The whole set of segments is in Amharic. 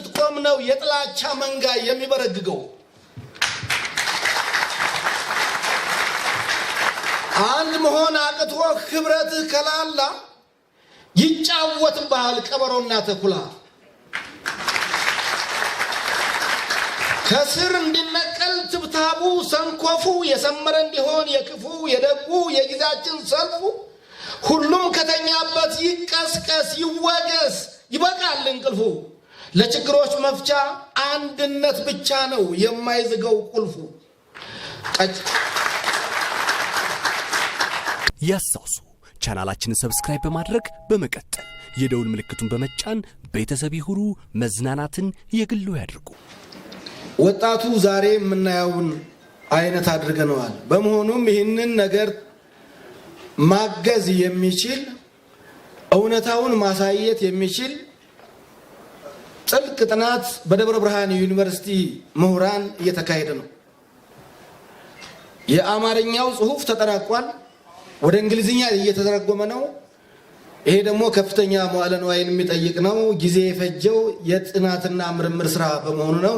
ስትቆም ነው የጥላቻ መንጋ የሚበረግገው። አንድ መሆን አቅቶ ህብረትህ ከላላ ባህል ቀበሮና ተኩላ። ከስር እንዲነቀል ትብታቡ ሰንኮፉ የሰመረ እንዲሆን የክፉ የደጉ የጊዜያችን ሰልፉ ሁሉም ከተኛበት ይቀስቀስ ይወገስ፣ ይበቃል እንቅልፉ። ለችግሮች መፍቻ አንድነት ብቻ ነው የማይዝገው ቁልፉ። ያስታውሱ፣ ቻናላችንን ሰብስክራይብ በማድረግ በመቀጠል የደውል ምልክቱን በመጫን ቤተሰብ ይሁኑ። መዝናናትን የግሉ ያድርጉ። ወጣቱ ዛሬ የምናየውን አይነት አድርገነዋል። በመሆኑም ይህንን ነገር ማገዝ የሚችል እውነታውን ማሳየት የሚችል ጥልቅ ጥናት በደብረ ብርሃን ዩኒቨርሲቲ ምሁራን እየተካሄደ ነው። የአማርኛው ጽሑፍ ተጠናቋል። ወደ እንግሊዝኛ እየተተረጎመ ነው። ይሄ ደግሞ ከፍተኛ መዋዕለ ንዋይን የሚጠይቅ ነው። ጊዜ የፈጀው የጥናትና ምርምር ስራ በመሆኑ ነው።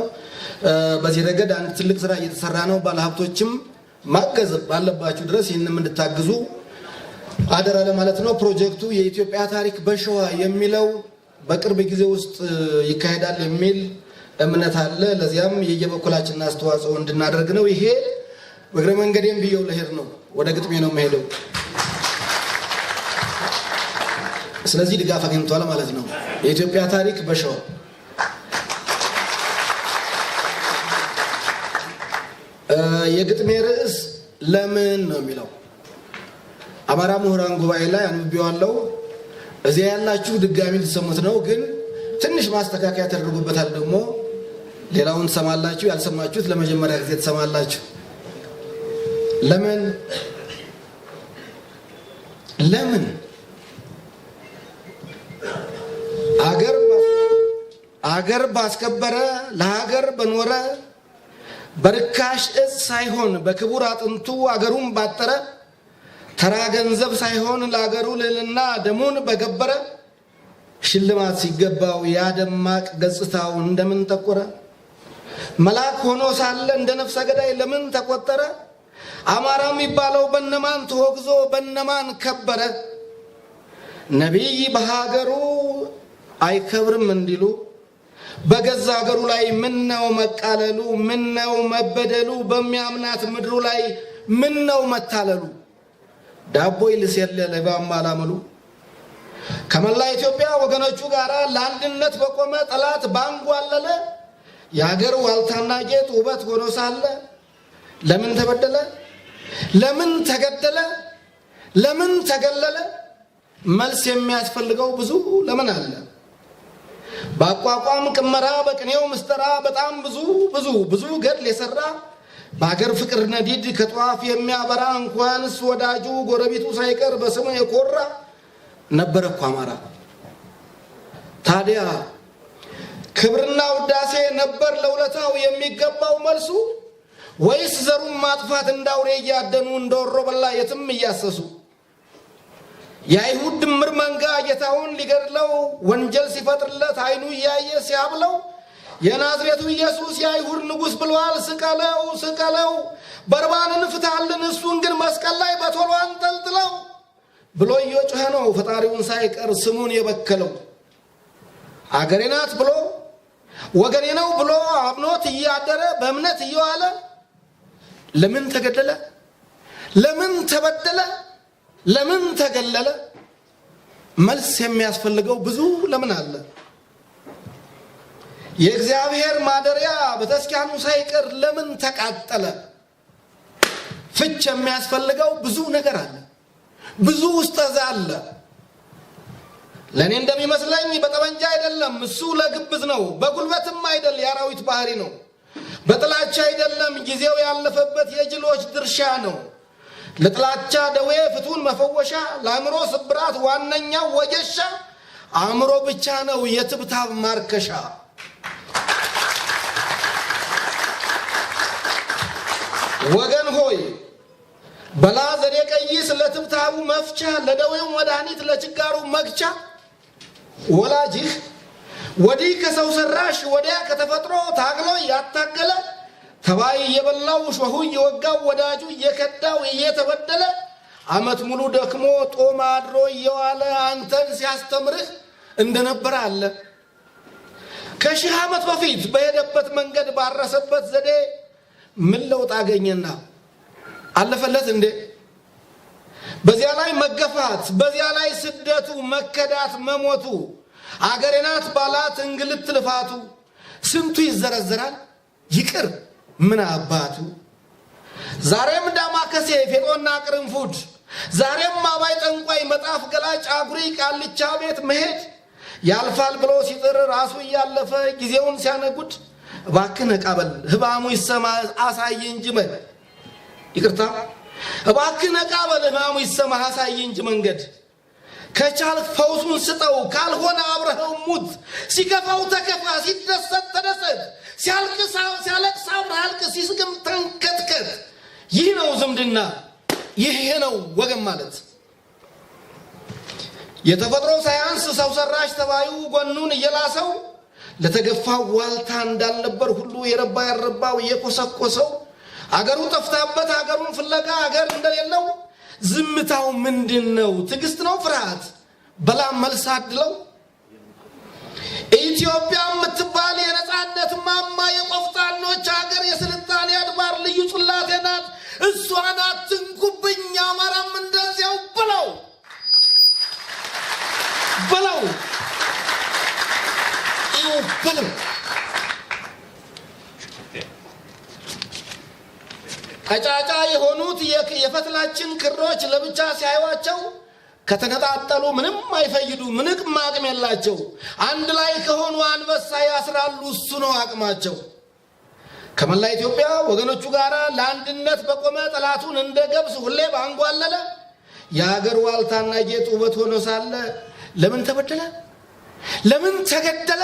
በዚህ ረገድ አንድ ትልቅ ስራ እየተሰራ ነው። ባለሀብቶችም ማገዝ ባለባችሁ ድረስ ይህንም እንድታግዙ አደራ ለማለት ነው። ፕሮጀክቱ የኢትዮጵያ ታሪክ በሸዋ የሚለው በቅርብ ጊዜ ውስጥ ይካሄዳል የሚል እምነት አለ። ለዚያም የየበኩላችንን አስተዋጽኦ እንድናደርግ ነው። ይሄ እግረ መንገዴም ብየው ለሄድ ነው። ወደ ግጥሜ ነው የምሄደው። ስለዚህ ድጋፍ አግኝቷል ማለት ነው። የኢትዮጵያ ታሪክ በሸዋ የግጥሜ ርዕስ ለምን ነው የሚለው አማራ ምሁራን ጉባኤ ላይ አንብቤዋለሁ። እዚያ ያላችሁ ድጋሚ ልትሰሙት ነው፣ ግን ትንሽ ማስተካከያ ተደርጎበታል። ደግሞ ሌላውን ትሰማላችሁ፣ ያልሰማችሁት ለመጀመሪያ ጊዜ ትሰማላችሁ። ለምን ለምን አገር አገር ባስከበረ ለሀገር በኖረ በርካሽ እጽ ሳይሆን በክቡር አጥንቱ አገሩን ባጠረ ተራ ገንዘብ ሳይሆን ለአገሩ ልዕልና ደሙን በገበረ ሽልማት ሲገባው ያ ደማቅ ገጽታው እንደምን ጠቆረ? መልአክ ሆኖ ሳለ እንደ ነፍሰ ገዳይ ለምን ተቆጠረ? አማራ የሚባለው በነማን ተወግዞ በነማን ከበረ? ነቢይ በሀገሩ አይከብርም እንዲሉ በገዛ ሀገሩ ላይ ምን ነው መቃለሉ፣ ነው መበደሉ፣ በሚያምናት ምድሩ ላይ ምን ነው መታለሉ ዳቦ ይልስ የለ ለባማ አላመሉ ከመላ ኢትዮጵያ ወገኖቹ ጋር ለአንድነት በቆመ ጠላት ባንጓለለ የአገር ዋልታና ጌጥ ውበት ሆኖ ሳለ ለምን ተበደለ? ለምን ተገደለ? ለምን ተገለለ? መልስ የሚያስፈልገው ብዙ ለምን አለ። በአቋቋም ቅመራ፣ በቅኔው ምስጠራ በጣም ብዙ ብዙ ብዙ ገድል የሰራ በአገር ፍቅር ነዲድ ከጧፍ የሚያበራ እንኳንስ ወዳጁ ጎረቤቱ ሳይቀር በስሙ የኮራ ነበረ እኮ አማራ። ታዲያ ክብርና ውዳሴ ነበር ለውለታው የሚገባው መልሱ፣ ወይስ ዘሩን ማጥፋት እንዳውሬ እያደኑ እንደ ወሮ በላ የትም እያሰሱ የአይሁድ ድምር መንጋ ጌታውን ሊገድለው ወንጀል ሲፈጥርለት አይኑ እያየ ሲያብለው የናዝሬቱ ኢየሱስ የአይሁድ ንጉሥ ብሏል። ስቀለው ስቀለው፣ በርባንን ፍታልን፣ እሱን ግን መስቀል ላይ በቶሎ አንጠልጥለው ብሎ እየጮኸ ነው ፈጣሪውን ሳይቀር ስሙን የበከለው። አገሬ ናት ብሎ ወገኔ ነው ብሎ አምኖት እያደረ በእምነት እየዋለ ለምን ተገደለ? ለምን ተበደለ? ለምን ተገለለ? መልስ የሚያስፈልገው ብዙ ለምን አለ። የእግዚአብሔር ማደሪያ ቤተክርስቲያኑ ሳይቀር ለምን ተቃጠለ? ፍች የሚያስፈልገው ብዙ ነገር አለ፣ ብዙ ውስጠዛ አለ። ለእኔ እንደሚመስለኝ በጠመንጃ አይደለም፣ እሱ ለግብዝ ነው። በጉልበትም አይደል፣ የአራዊት ባህሪ ነው። በጥላቻ አይደለም፣ ጊዜው ያለፈበት የጅሎች ድርሻ ነው። ለጥላቻ ደዌ ፍቱን መፈወሻ፣ ለአእምሮ ስብራት ዋነኛው ወጀሻ አእምሮ ብቻ ነው የትብታብ ማርከሻ ወገን ሆይ በላዘር የቀይስ ለትብታቡ መፍቻ ለደዌው መድኃኒት ለችጋሩ መግቻ ወላጅህ ወዲህ ከሰው ሰራሽ ወዲያ ከተፈጥሮ ታግሎ ያታገለ ተባይ እየበላው ሾሁ እየወጋው ወዳጁ እየከዳው እየተበደለ ዓመት ሙሉ ደክሞ ጦም አድሮ እየዋለ አንተን ሲያስተምርህ እንደነበረ አለ ከሺህ ዓመት በፊት በሄደበት መንገድ ባረሰበት ዘዴ ምን ለውጥ አገኘና አለፈለት እንዴ? በዚያ ላይ መገፋት፣ በዚያ ላይ ስደቱ፣ መከዳት፣ መሞቱ፣ አገሬናት ባላት እንግልት፣ ልፋቱ ስንቱ ይዘረዘራል። ይቅር ምን አባቱ ዛሬም ዳማከሴ ፌጦና ቅርንፉድ፣ ዛሬም አባይ ጠንቋይ መጣፍ ገላጭ አጉሪ ቃልቻ ቤት መሄድ ያልፋል ብሎ ሲጥር ራሱ እያለፈ ጊዜውን ሲያነጉድ እባክህ ነቃ ህማሙ ይሰማ አሳይ እንጂ መን ይቅርታ፣ እባክህ ነቃ ህማሙ ይሰማ አሳይ እንጂ መንገድ ከቻልክ ፈውሱን ስጠው፣ ካልሆነ አብረኸው ሙት። ሲከፋው ተከፋ፣ ሲደሰት ተደሰት፣ ሲያለቅስ አብረህ አልቅስ፣ ሲስቅም ተንከትከት። ይህ ነው ዝምድና፣ ይሄ ነው ወገን ማለት። የተፈጥሮ ሳያንስ ሰው ሰራሽ ተባዩ ጎኑን እየላሰው ለተገፋ ዋልታ እንዳልነበር ሁሉ የረባ ያረባው የኮሰኮሰው አገሩ ጠፍታበት አገሩን ፍለጋ አገር እንደሌለው ዝምታው ምንድን ነው? ትዕግስት ነው? ፍርሃት በላም መልስ አድለው ኢትዮጵያ የምትባል የነፃነት ማማ የቆፍጣኖች ሀገር የስልጣኔ አድባር ልዩ ጽላቴ ናት። እሷን አትንኩብኝ፣ አማራም እንደዚያው ብለው ብለው ከጫጫ የሆኑት የፈትላችን ክሮች ለብቻ ሲያዩቸው ከተነጣጠሉ ምንም አይፈይዱ፣ ምንቅም አቅም የላቸው። አንድ ላይ ከሆኑ አንበሳ ያስራሉ፣ እሱ ነው አቅማቸው። ከመላ ኢትዮጵያ ወገኖቹ ጋር ለአንድነት በቆመ ጠላቱን እንደ ገብስ ሁሌ ባንጓለለ የአገር ዋልታና ጌጥ ውበት ሆኖ ሳለ ለምን ተበደለ? ለምን ተገደለ?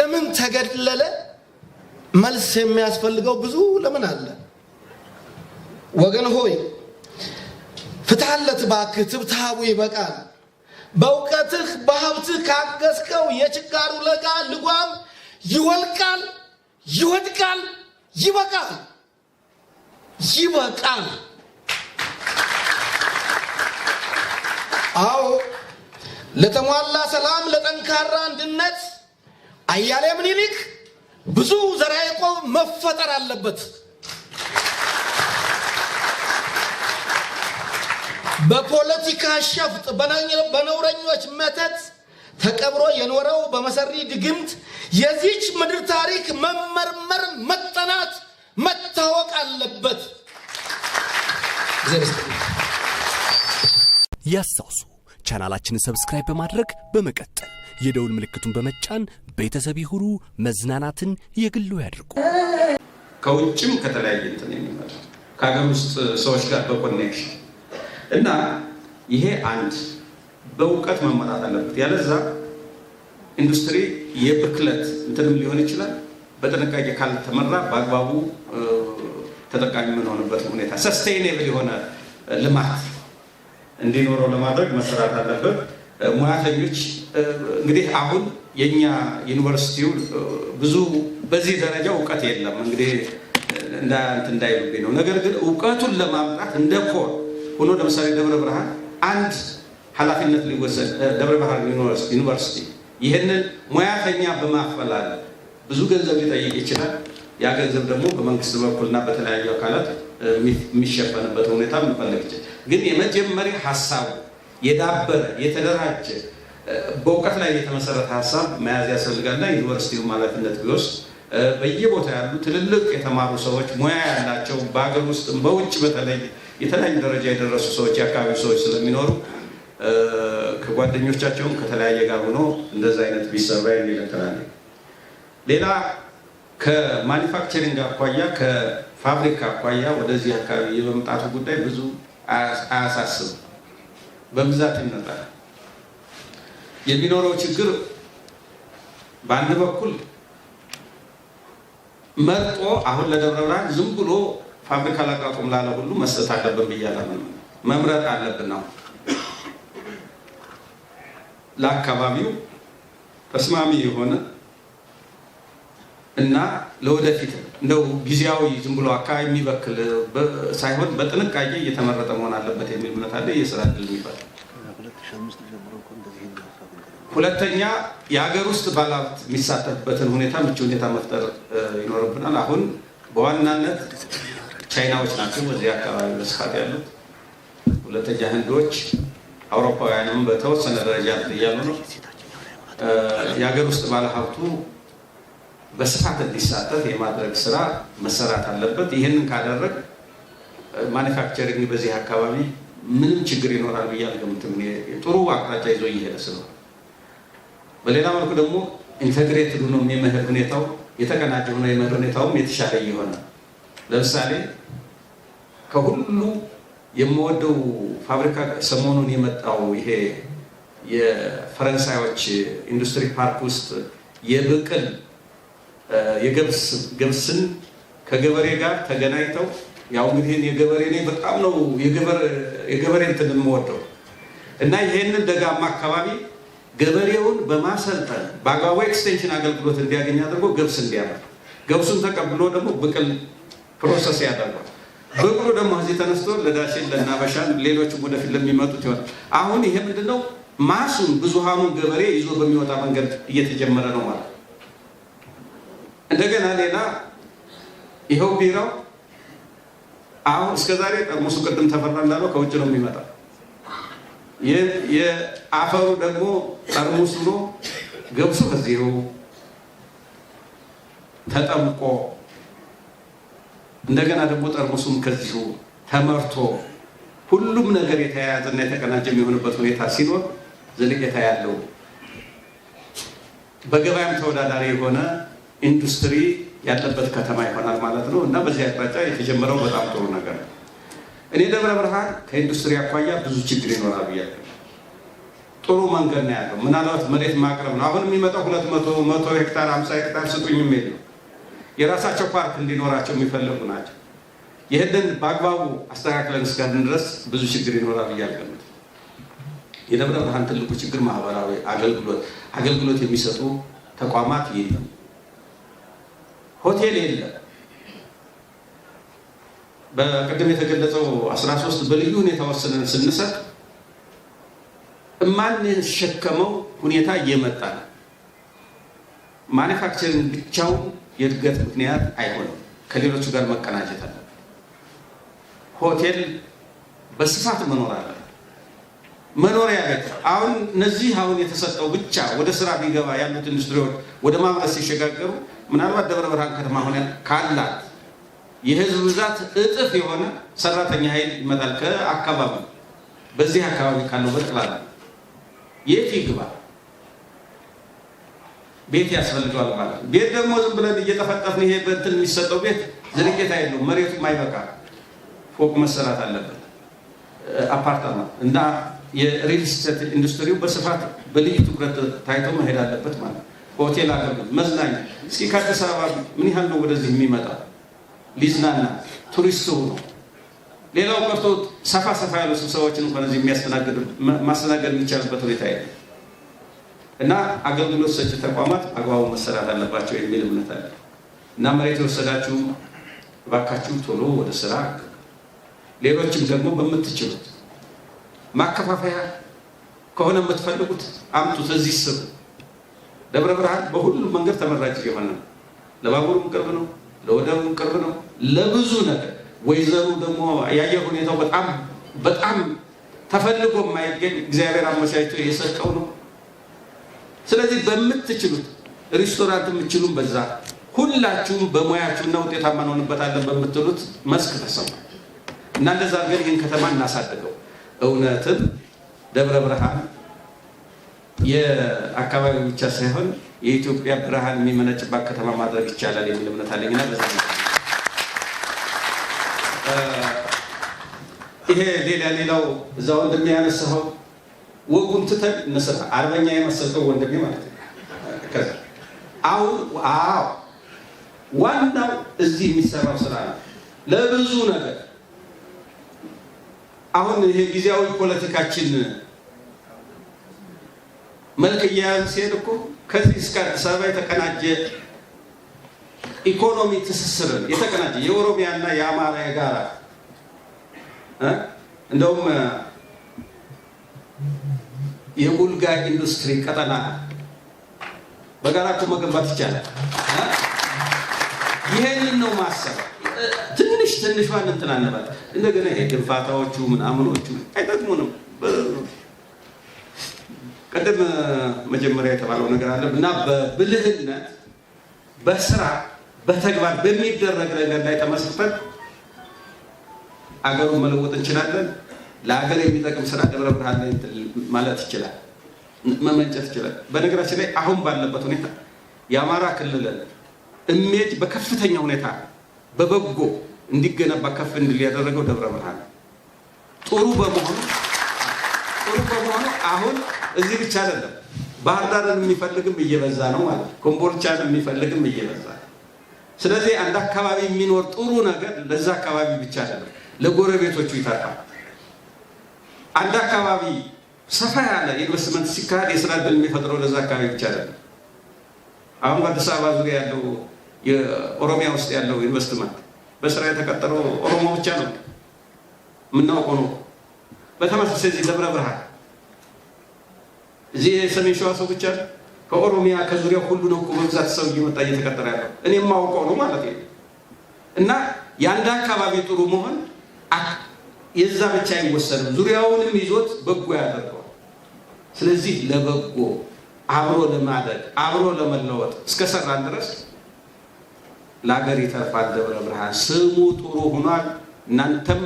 ለምን ተገድለለ? መልስ የሚያስፈልገው ብዙ ለምን አለ። ወገን ሆይ ፍታለት ባክህ ትብታቡ ይበቃል። በእውቀትህ በሀብትህ ካገዝከው የችጋሩ ለጋ ልጓም ይወልቃል፣ ይወድቃል፣ ይበቃል፣ ይበቃል። አዎ ለተሟላ ሰላም ለጠንካራ አንድነት አያሌ ምኒልክ ብዙ ዘርዓ ያዕቆብ መፈጠር አለበት። በፖለቲካ ሸፍጥ በነውረኞች መተት ተቀብሮ የኖረው በመሰሪ ድግምት የዚች ምድር ታሪክ መመርመር፣ መጠናት፣ መታወቅ አለበት። ያስታውሱ፣ ቻናላችንን ሰብስክራይብ በማድረግ በመቀጠል የደውል ምልክቱን በመጫን ቤተሰብ ይሁኑ። መዝናናትን የግሉ ያድርጉ። ከውጭም ከተለያየ እንትን የሚመጣ ከሀገር ውስጥ ሰዎች ጋር በኮኔክሽን እና ይሄ አንድ በእውቀት መመጣት አለበት። ያለዛ ኢንዱስትሪ የብክለት እንትንም ሊሆን ይችላል። በጥንቃቄ ካልተመራ በአግባቡ ተጠቃሚ የምንሆንበት ሁኔታ ሰስቴይኔብል የሆነ ልማት እንዲኖረው ለማድረግ መሰራት አለበት። ሙያተኞች እንግዲህ አሁን የኛ ዩኒቨርሲቲው ብዙ በዚህ ደረጃ እውቀት የለም እንግዲህ እንዳይሉብኝ ነው። ነገር ግን እውቀቱን ለማምጣት እንደ ኮር ሆኖ ለምሳሌ ደብረ ብርሃን አንድ ኃላፊነት ሊወሰድ ደብረ ብርሃን ዩኒቨርሲቲ ይህንን ሙያተኛ በማፈላለ ብዙ ገንዘብ ሊጠይቅ ይችላል። ያ ገንዘብ ደግሞ በመንግስት በኩልና በተለያዩ አካላት የሚሸፈንበት ሁኔታ ምንፈልግ ይችላል። ግን የመጀመሪያ ሀሳቡ የዳበረ የተደራጀ በእውቀት ላይ የተመሰረተ ሀሳብ መያዝ ያስፈልጋልና ዩኒቨርሲቲው ኃላፊነት ቢወስድ በየቦታ ያሉ ትልልቅ የተማሩ ሰዎች ሙያ ያላቸው በሀገር ውስጥም በውጭ በተለይ የተለያዩ ደረጃ የደረሱ ሰዎች የአካባቢ ሰዎች ስለሚኖሩ ከጓደኞቻቸውም ከተለያየ ጋር ሆኖ እንደዛ አይነት ቢሰራ የሚል ሌላ ከማኒፋክቸሪንግ አኳያ ከፋብሪካ አኳያ ወደዚህ አካባቢ የመምጣቱ ጉዳይ ብዙ አያሳስብ፣ በብዛት ይመጣል። የሚኖረው ችግር በአንድ በኩል መርጦ አሁን ለደብረ ብርሃን ዝም ብሎ ፋብሪካ ላቋቁም ላለ ሁሉ መስጠት አለብን ብያለምን መምረጥ አለብን ነው ለአካባቢው ተስማሚ የሆነ እና ለወደፊት እንደው ጊዜያዊ ዝም ብሎ አካባቢ የሚበክል ሳይሆን በጥንቃቄ እየተመረጠ መሆን አለበት የሚል እምነት አለ። የስራ ድል የሚባል ሁለተኛ የሀገር ውስጥ ባለሀብት የሚሳተፍበትን ሁኔታ ምቹ ሁኔታ መፍጠር ይኖርብናል። አሁን በዋናነት ቻይናዎች ናቸው በዚህ አካባቢ በስፋት ያሉት። ሁለተኛ ህንዶች፣ አውሮፓውያንም በተወሰነ ደረጃ እያሉ ነው። የሀገር ውስጥ ባለሀብቱ በስፋት እንዲሳተፍ የማድረግ ስራ መሰራት አለበት። ይህንን ካደረግ ማኒፋክቸሪንግ በዚህ አካባቢ ምንም ችግር ይኖራል ብዬ አልገምትም። ጥሩ አቅጣጫ ይዞ እየሄደ ስለሆነ፣ በሌላ መልኩ ደግሞ ኢንተግሬትድ ሆኖ የመህር ሁኔታው የተቀናጀ ሆኖ የመህር ሁኔታውም የተሻለ እየሆነ ለምሳሌ ከሁሉ የምወደው ፋብሪካ ሰሞኑን የመጣው ይሄ የፈረንሳዮች ኢንዱስትሪ ፓርክ ውስጥ የብቅል የገብስን ከገበሬ ጋር ተገናኝተው ያው እንግዲህ የገበሬ እኔ በጣም ነው የገበሬ እንትን የምወደው እና ይሄንን ደጋማ አካባቢ ገበሬውን በማሰልጠን በአግባቡ ኤክስቴንሽን አገልግሎት እንዲያገኝ አድርጎ ገብስ እንዲያመር ገብሱን ተቀብሎ ደግሞ ብቅል ፕሮሰስ ያደርጓል። ብሩ ደግሞ እዚህ ተነስቶ ለዳሴ ለናበሻን ሌሎችም ወደፊት ለሚመጡት ይሆናል። አሁን ይሄ ምንድን ነው? ማሱን ብዙሃኑን ገበሬ ይዞ በሚወጣ መንገድ እየተጀመረ ነው ማለት እንደገና ሌላ ይኸው ቢራው አሁን እስከዛሬ ጠርሙሱ ቅድም ተፈራ እንዳለው ከውጭ ነው የሚመጣ። የአፈሩ ደግሞ ጠርሙስ ነው ገብሱ ከዚሁ ተጠምቆ እንደገና ደግሞ ጠርሙሱም ከዚሁ ተመርቶ ሁሉም ነገር የተያያዘና የተቀናጀ የሚሆንበት ሁኔታ ሲኖር ዘለቄታ ያለው በገበያም ተወዳዳሪ የሆነ ኢንዱስትሪ ያለበት ከተማ ይሆናል ማለት ነው እና በዚህ አቅጣጫ የተጀመረው በጣም ጥሩ ነገር ነው። እኔ ደብረ ብርሃን ከኢንዱስትሪ አኳያ ብዙ ችግር ይኖራል ብያለሁ። ጥሩ መንገድ ነው ያለው። ምናልባት መሬት ማቅረብ ነው። አሁን የሚመጣው ሁለት መቶ መቶ ሄክታር አምሳ ሄክታር ስጡኝ የሚል ነው የራሳቸው ፓርክ እንዲኖራቸው የሚፈልጉ ናቸው። ይህንን በአግባቡ አስተካክለን እስካሁን ድረስ ብዙ ችግር ይኖራል እያልገምት የደብረ ብርሃን ትልቁ ችግር ማህበራዊ አገልግሎት አገልግሎት የሚሰጡ ተቋማት የለም፣ ሆቴል የለም። በቅድም የተገለጸው 13 በልዩ ሁኔታ ወስነን ስንሰጥ ሸከመው ሁኔታ እየመጣ ነው። ማኒፋክቸሪንግ ብቻውን የእድገት ምክንያት አይሆንም። ከሌሎቹ ጋር መቀናጀት አለ። ሆቴል በስፋት መኖር አለ። መኖሪያ ቤት አሁን እነዚህ አሁን የተሰጠው ብቻ ወደ ስራ ቢገባ ያሉት ኢንዱስትሪዎች ወደ ማምረት ሲሸጋገሩ ምናልባት ደብረ ብርሃን ከተማ ሆነ ካላት የህዝብ ብዛት እጥፍ የሆነ ሰራተኛ ኃይል ይመጣል ከአካባቢ በዚህ አካባቢ ካለው በጠቅላላ የት ይግባል? ቤት ያስፈልገዋል ማለት ነው። ቤት ደግሞ ዝም ብለን እየተፈጠፍን ይሄ በእንትን የሚሰጠው ቤት ዝርቄት አይደለም። መሬቱም አይበቃ፣ ፎቅ መሰራት አለበት። አፓርታማ እና የሪል ስቴት ኢንዱስትሪው በስፋት በልዩ ትኩረት ታይቶ መሄድ አለበት ማለት ነው። ሆቴል አገልግሎት፣ መዝናኛ እስኪ ከአዲስ አበባ ምን ያህል ነው ወደዚህ የሚመጣ ሊዝናና ቱሪስት ሆኖ ሌላው ቀርቶ ሰፋ ሰፋ ያሉ ስብሰባዎችን እንኳን እዚህ የሚያስተናግድ ማስተናገድ የሚቻልበት ሁኔታ የለም። እና አገልግሎት ሰጪ ተቋማት አግባቡ መሰራት አለባቸው የሚል እምነት አለ እና መሬት የወሰዳችሁ እባካችሁ ቶሎ ወደ ስራ ሌሎችም ደግሞ በምትችሉት ማከፋፈያ ከሆነ የምትፈልጉት አምጡት፣ እዚህ ስሩ። ደብረ ብርሃን በሁሉም መንገድ ተመራጭ የሆነ ነው። ለባቡሩም ቅርብ ነው፣ ለወደቡም ቅርብ ነው፣ ለብዙ ነገር። ወይዘሩ ደግሞ የአየር ሁኔታው በጣም በጣም ተፈልጎ የማይገኝ እግዚአብሔር አመቻችቶ የሰጠው ነው። ስለዚህ በምትችሉት ሪስቶራንት የምችሉም በዛ ሁላችሁም በሙያችሁና ውጤታማ እንሆንበታለን በምትሉት መስክ ተሰማ እና እንደዛ አድርገን ይህን ከተማ እናሳድገው። እውነትም ደብረ ብርሃን የአካባቢ ብቻ ሳይሆን የኢትዮጵያ ብርሃን የሚመነጭባት ከተማ ማድረግ ይቻላል የሚል እምነት አለኝና በዛ ይሄ ሌላ ሌላው እዛ ወንድሜ ያነሳኸው ወጉን ትተን መሰሰ አርበኛ የመሰሰው ወንድሜ ማለት ነው። ከዛ አሁን አዎ ዋናው እዚህ የሚሰራው ስራ ነው። ለብዙ ነገር አሁን ይሄ ጊዜያዊ ፖለቲካችን መልክ እየያዘ ሲሄድ እኮ ከዚህ እስከ አዲስ አበባ የተቀናጀ ኢኮኖሚ ትስስርን የተቀናጀ የኦሮሚያና የአማራ የጋራ እንደውም የቡልጋ ኢንዱስትሪ ቀጠና በጋራቱ መገንባት ይቻላል። ይሄንን ነው ማሰብ። ትንሽ ትንሽ እንትን እንደገና ይሄ ግንፋታዎቹ ምናምኖቹ አይጠቅሙንም። ቅድም መጀመሪያ የተባለው ነገር አለ እና በብልህነት በስራ በተግባር በሚደረግ ነገር ላይ ተመስርተን አገሩን መለወጥ እንችላለን። ለሀገር የሚጠቅም ስራ ደብረ ብርሃን ላይ ማለት ይችላል፣ መመንጨት ይችላል። በነገራችን ላይ አሁን ባለበት ሁኔታ የአማራ ክልል እሜጅ በከፍተኛ ሁኔታ በበጎ እንዲገነባ ከፍ እንድል ያደረገው ደብረ ብርሃን ጥሩ በመሆኑ ጥሩ በመሆኑ አሁን እዚህ ብቻ አይደለም ባህር ዳርን የሚፈልግም እየበዛ ነው ማለት ነው። ኮምቦልቻን የሚፈልግም እየበዛ ነው። ስለዚህ አንድ አካባቢ የሚኖር ጥሩ ነገር ለዛ አካባቢ ብቻ አይደለም ለጎረቤቶቹ ይተርፋል። አንድ አካባቢ ሰፋ ያለ ኢንቨስትመንት ሲካሄድ የስራ ዕድል የሚፈጥረው ለዛ አካባቢ ብቻ አይደለም። አሁን በአዲስ አበባ ዙሪያ ያለው የኦሮሚያ ውስጥ ያለው ኢንቨስትመንት በስራ የተቀጠረው ኦሮሞ ብቻ ነው የምናውቀው ነው። በተመሳሳይ እዚህ ደብረ ብርሃን እዚህ የሰሜን ሸዋ ሰው ብቻ ከኦሮሚያ ከዙሪያ ሁሉ ነው እኮ በብዛት ሰው እየመጣ እየተቀጠረ ያለው እኔ የማውቀው ነው ማለት ነው። እና የአንድ አካባቢ ጥሩ መሆን የዛ ብቻ አይወሰንም፣ ዙሪያውንም ይዞት በጎ ያደርገዋል። ስለዚህ ለበጎ አብሮ ለማደግ አብሮ ለመለወጥ እስከሰራን ድረስ ለሀገር ይተርፋል። ደብረ ብርሃን ስሙ ጥሩ ሆኗል። እናንተም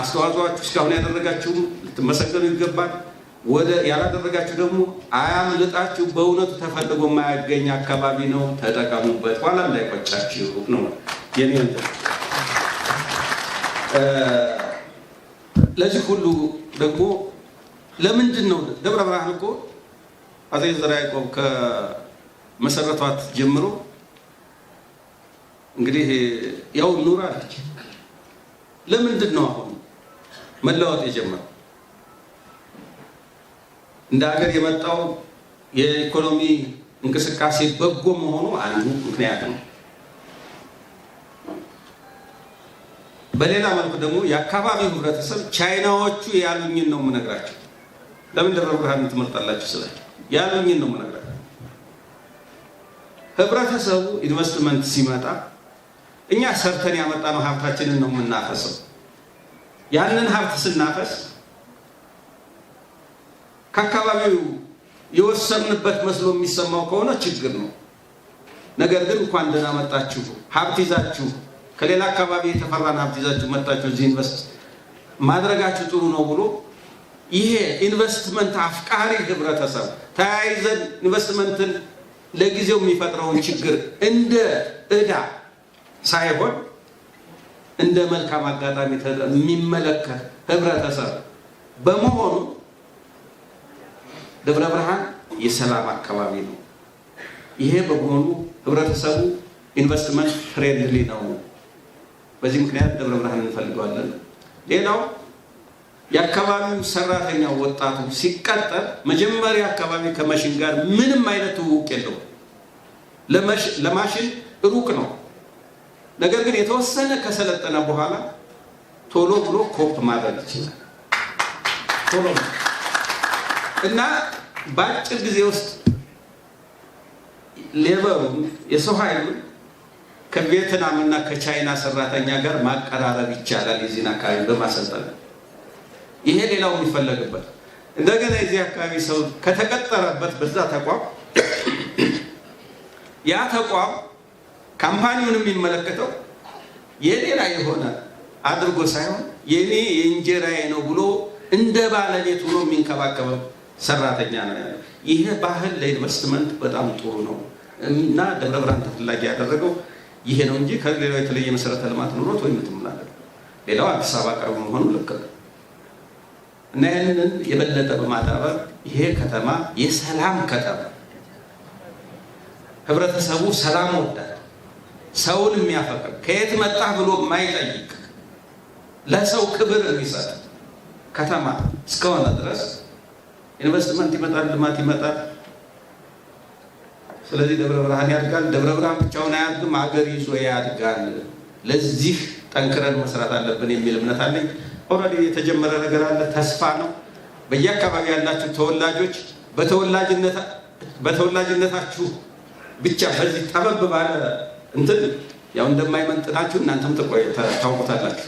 አስተዋጽኦአችሁ እስካሁን ያደረጋችሁም ልትመሰገኑ ይገባል። ወደ ያላደረጋችሁ ደግሞ አያምልጣችሁ። በእውነቱ ተፈልጎ የማያገኝ አካባቢ ነው፣ ተጠቀሙበት። ኋላ እንዳይቆጫችሁ ነው የኔ ለዚህ ሁሉ ደግሞ ለምንድን ነው ደብረ ብርሃን እኮ አጼ ዘርዓ ያዕቆብ ከመሰረቷት ጀምሮ እንግዲህ ያው ኑር አለች። ለምንድን ነው አሁን መለወጥ የጀመረው? እንደ ሀገር የመጣው የኢኮኖሚ እንቅስቃሴ በጎ መሆኑ አንዱ ምክንያት ነው። በሌላ መልኩ ደግሞ የአካባቢው ህብረተሰብ ቻይናዎቹ ያሉኝን ነው የምነግራቸው። ለምን ደብረ ብርሃን ትመርጣላችሁ ስላቸው ያሉኝን ነው የምነግራቸው። ህብረተሰቡ ኢንቨስትመንት ሲመጣ እኛ ሰርተን ያመጣነው ሀብታችንን ነው የምናፈሰው። ያንን ሀብት ስናፈስ ከአካባቢው የወሰንበት መስሎ የሚሰማው ከሆነ ችግር ነው። ነገር ግን እንኳን ደህና መጣችሁ ሀብት ይዛችሁ ከሌላ አካባቢ የተፈራን ሀብት ይዛችሁ መጣችሁ እዚህ ኢንቨስት ማድረጋችሁ ጥሩ ነው ብሎ ይሄ ኢንቨስትመንት አፍቃሪ ህብረተሰብ ተያይዘን ኢንቨስትመንትን ለጊዜው የሚፈጥረውን ችግር እንደ እዳ ሳይሆን እንደ መልካም አጋጣሚ የሚመለከት ህብረተሰብ በመሆኑ ደብረ ብርሃን የሰላም አካባቢ ነው። ይሄ በመሆኑ ህብረተሰቡ ኢንቨስትመንት ፍሬንድሊ ነው። በዚህ ምክንያት ደብረ ብርሃን እንፈልገዋለን። ሌላው የአካባቢው ሰራተኛ ወጣቱ ሲቀጠር መጀመሪያ አካባቢ ከማሽን ጋር ምንም አይነት ትውውቅ የለውም። ለማሽን ሩቅ ነው። ነገር ግን የተወሰነ ከሰለጠነ በኋላ ቶሎ ብሎ ኮፕ ማድረግ ይችላል። ቶሎ እና በአጭር ጊዜ ውስጥ ሌበሩን የሰው ኃይሉን እና ከቻይና ሰራተኛ ጋር ማቀራረብ ይቻላል። የዚህን አካባቢ በማሰልጠን ይሄ ሌላው የሚፈለግበት እንደገና የዚህ አካባቢ ሰው ከተቀጠረበት በዛ ተቋም ያ ተቋም ካምፓኒውን የሚመለከተው የሌላ የሆነ አድርጎ ሳይሆን የኔ የእንጀራዬ ነው ብሎ እንደ ባለቤት ሆኖ የሚንከባከበው ሰራተኛ ነው ያለው። ይሄ ባህል ለኢንቨስትመንት በጣም ጥሩ ነው እና ደብረ ብርሃን ተፈላጊ ያደረገው ይሄ ነው እንጂ ከሌላው የተለየ መሰረተ ልማት ኑሮት ወይም እንትን ምናምን ሌላው አዲስ አበባ ቅርብ መሆኑ ልክ ነው እና ይህንን የበለጠ በማጠበር ይሄ ከተማ የሰላም ከተማ ህብረተሰቡ ሰላም ወዳድ፣ ሰውን የሚያፈቅር ከየት መጣህ ብሎ የማይጠይቅ ለሰው ክብር የሚሰጥ ከተማ እስከሆነ ድረስ ኢንቨስትመንት ይመጣል፣ ልማት ይመጣል። ስለዚህ ደብረ ብርሃን ያድጋል። ደብረ ብርሃን ብቻውን አያድግም፣ አገር ይዞ ያድጋል። ለዚህ ጠንክረን መስራት አለብን የሚል እምነት አለኝ። ኦልሬዲ የተጀመረ ነገር አለ፣ ተስፋ ነው። በየአካባቢ ያላችሁ ተወላጆች በተወላጅነታችሁ ብቻ በዚህ ጠበብ ባለ እንትን ያው እንደማይመንጥናችሁ እናንተም ታውቁታላችሁ።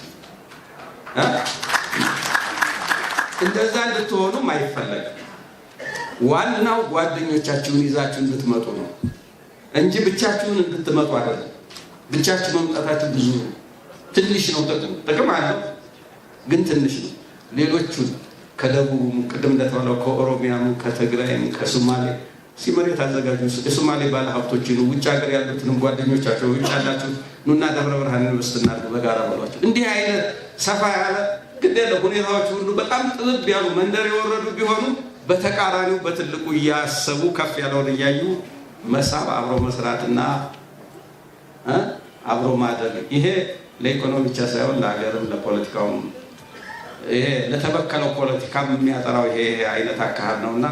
እንደዛ እንድትሆኑም አይፈለግም። ዋናው ጓደኞቻችሁን ይዛችሁ እንድትመጡ ነው እንጂ ብቻችሁን እንድትመጡ አይደለም። ብቻችሁ መምጣታችሁ ብዙ ነው፣ ትንሽ ነው። ጥቅም ጥቅም አለው ግን ትንሽ ነው። ሌሎቹን ከደቡቡም ቅድም እንደተባለው ከኦሮሚያም፣ ከትግራይም፣ ከሶማሌ ሲመሬት አዘጋጁ የሶማሌ ባለ ሀብቶችን ውጭ ሀገር ያሉትንም ጓደኞቻቸው ውጭ ያላችሁ ኑና ደብረ ብርሃን ዩኒቨርስቲ በጋራ በሏቸው። እንዲህ አይነት ሰፋ ያለ ግድ የለ ሁኔታዎች ሁሉ በጣም ጥብብ ያሉ መንደር የወረዱ ቢሆኑ በተቃራኒው በትልቁ እያሰቡ ከፍ ያለውን እያዩ መሳብ፣ አብሮ መስራትና አብሮ ማደግ ይሄ ለኢኮኖሚ ብቻ ሳይሆን ለሀገርም ለፖለቲካውም ይሄ ለተበከለው ፖለቲካ የሚያጠራው ይሄ አይነት አካሄድ ነው እና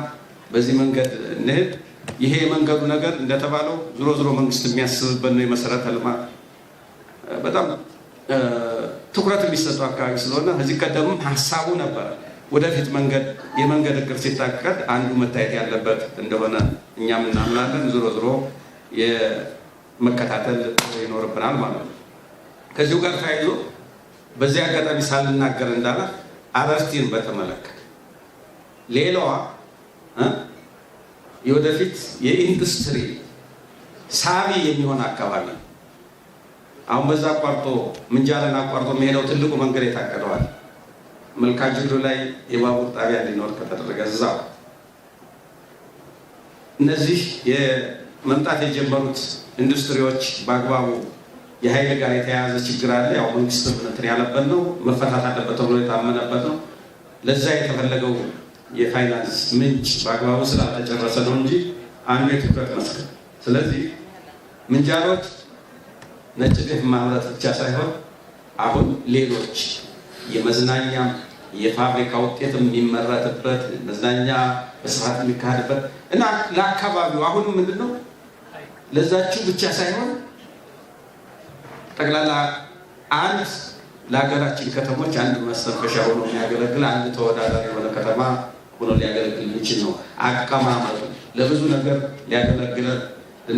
በዚህ መንገድ እንሂድ። ይሄ የመንገዱ ነገር እንደተባለው ዝሮ ዝሮ መንግስት የሚያስብበት ነው። የመሰረተ ልማት በጣም ትኩረት የሚሰጠው አካባቢ ስለሆነ እዚህ ቀደምም ሀሳቡ ነበረ። ወደፊት መንገድ የመንገድ እቅድ ሲታቀድ አንዱ መታየት ያለበት እንደሆነ እኛም እናምናለን። ዝሮ ዝሮ የመከታተል ይኖርብናል ማለት ነው። ከዚሁ ጋር ተያይዞ በዚህ አጋጣሚ ሳልናገር እንዳለ አረርቲን በተመለከተ ሌላዋ የወደፊት የኢንዱስትሪ ሳቢ የሚሆን አካባቢ አሁን በዛ አቋርጦ ምንጃለን አቋርጦ የሚሄደው ትልቁ መንገድ የታቀደዋል መልካጅሉ ላይ የባቡር ጣቢያ እንዲኖር ከተደረገ እዛው እነዚህ መምጣት የጀመሩት ኢንዱስትሪዎች በአግባቡ የኃይል ጋር የተያያዘ ችግር አለ። ያው መንግስት እንትን ያለበት ነው መፈታት አለበት ተብሎ የታመነበት ነው። ለዛ የተፈለገው የፋይናንስ ምንጭ በአግባቡ ስላልተጨረሰ ነው እንጂ አንዱ የትኩረት መስክ። ስለዚህ ምንጃሮች ነጭ ጤፍ ማምረት ብቻ ሳይሆን አሁን ሌሎች የመዝናኛም የፋብሪካ ውጤት የሚመረትበት መዝናኛ በስፋት የሚካሄድበት እና ለአካባቢው አሁንም ምንድን ነው ለዛችሁ ብቻ ሳይሆን ጠቅላላ አንድ ለሀገራችን ከተሞች አንድ መሰንፈሻ ሆኖ የሚያገለግል አንድ ተወዳዳሪ የሆነ ከተማ ሆኖ ሊያገለግል የሚችል ነው። አቀማመጡ ለብዙ ነገር ሊያገለግለን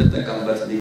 ልንጠቀምበት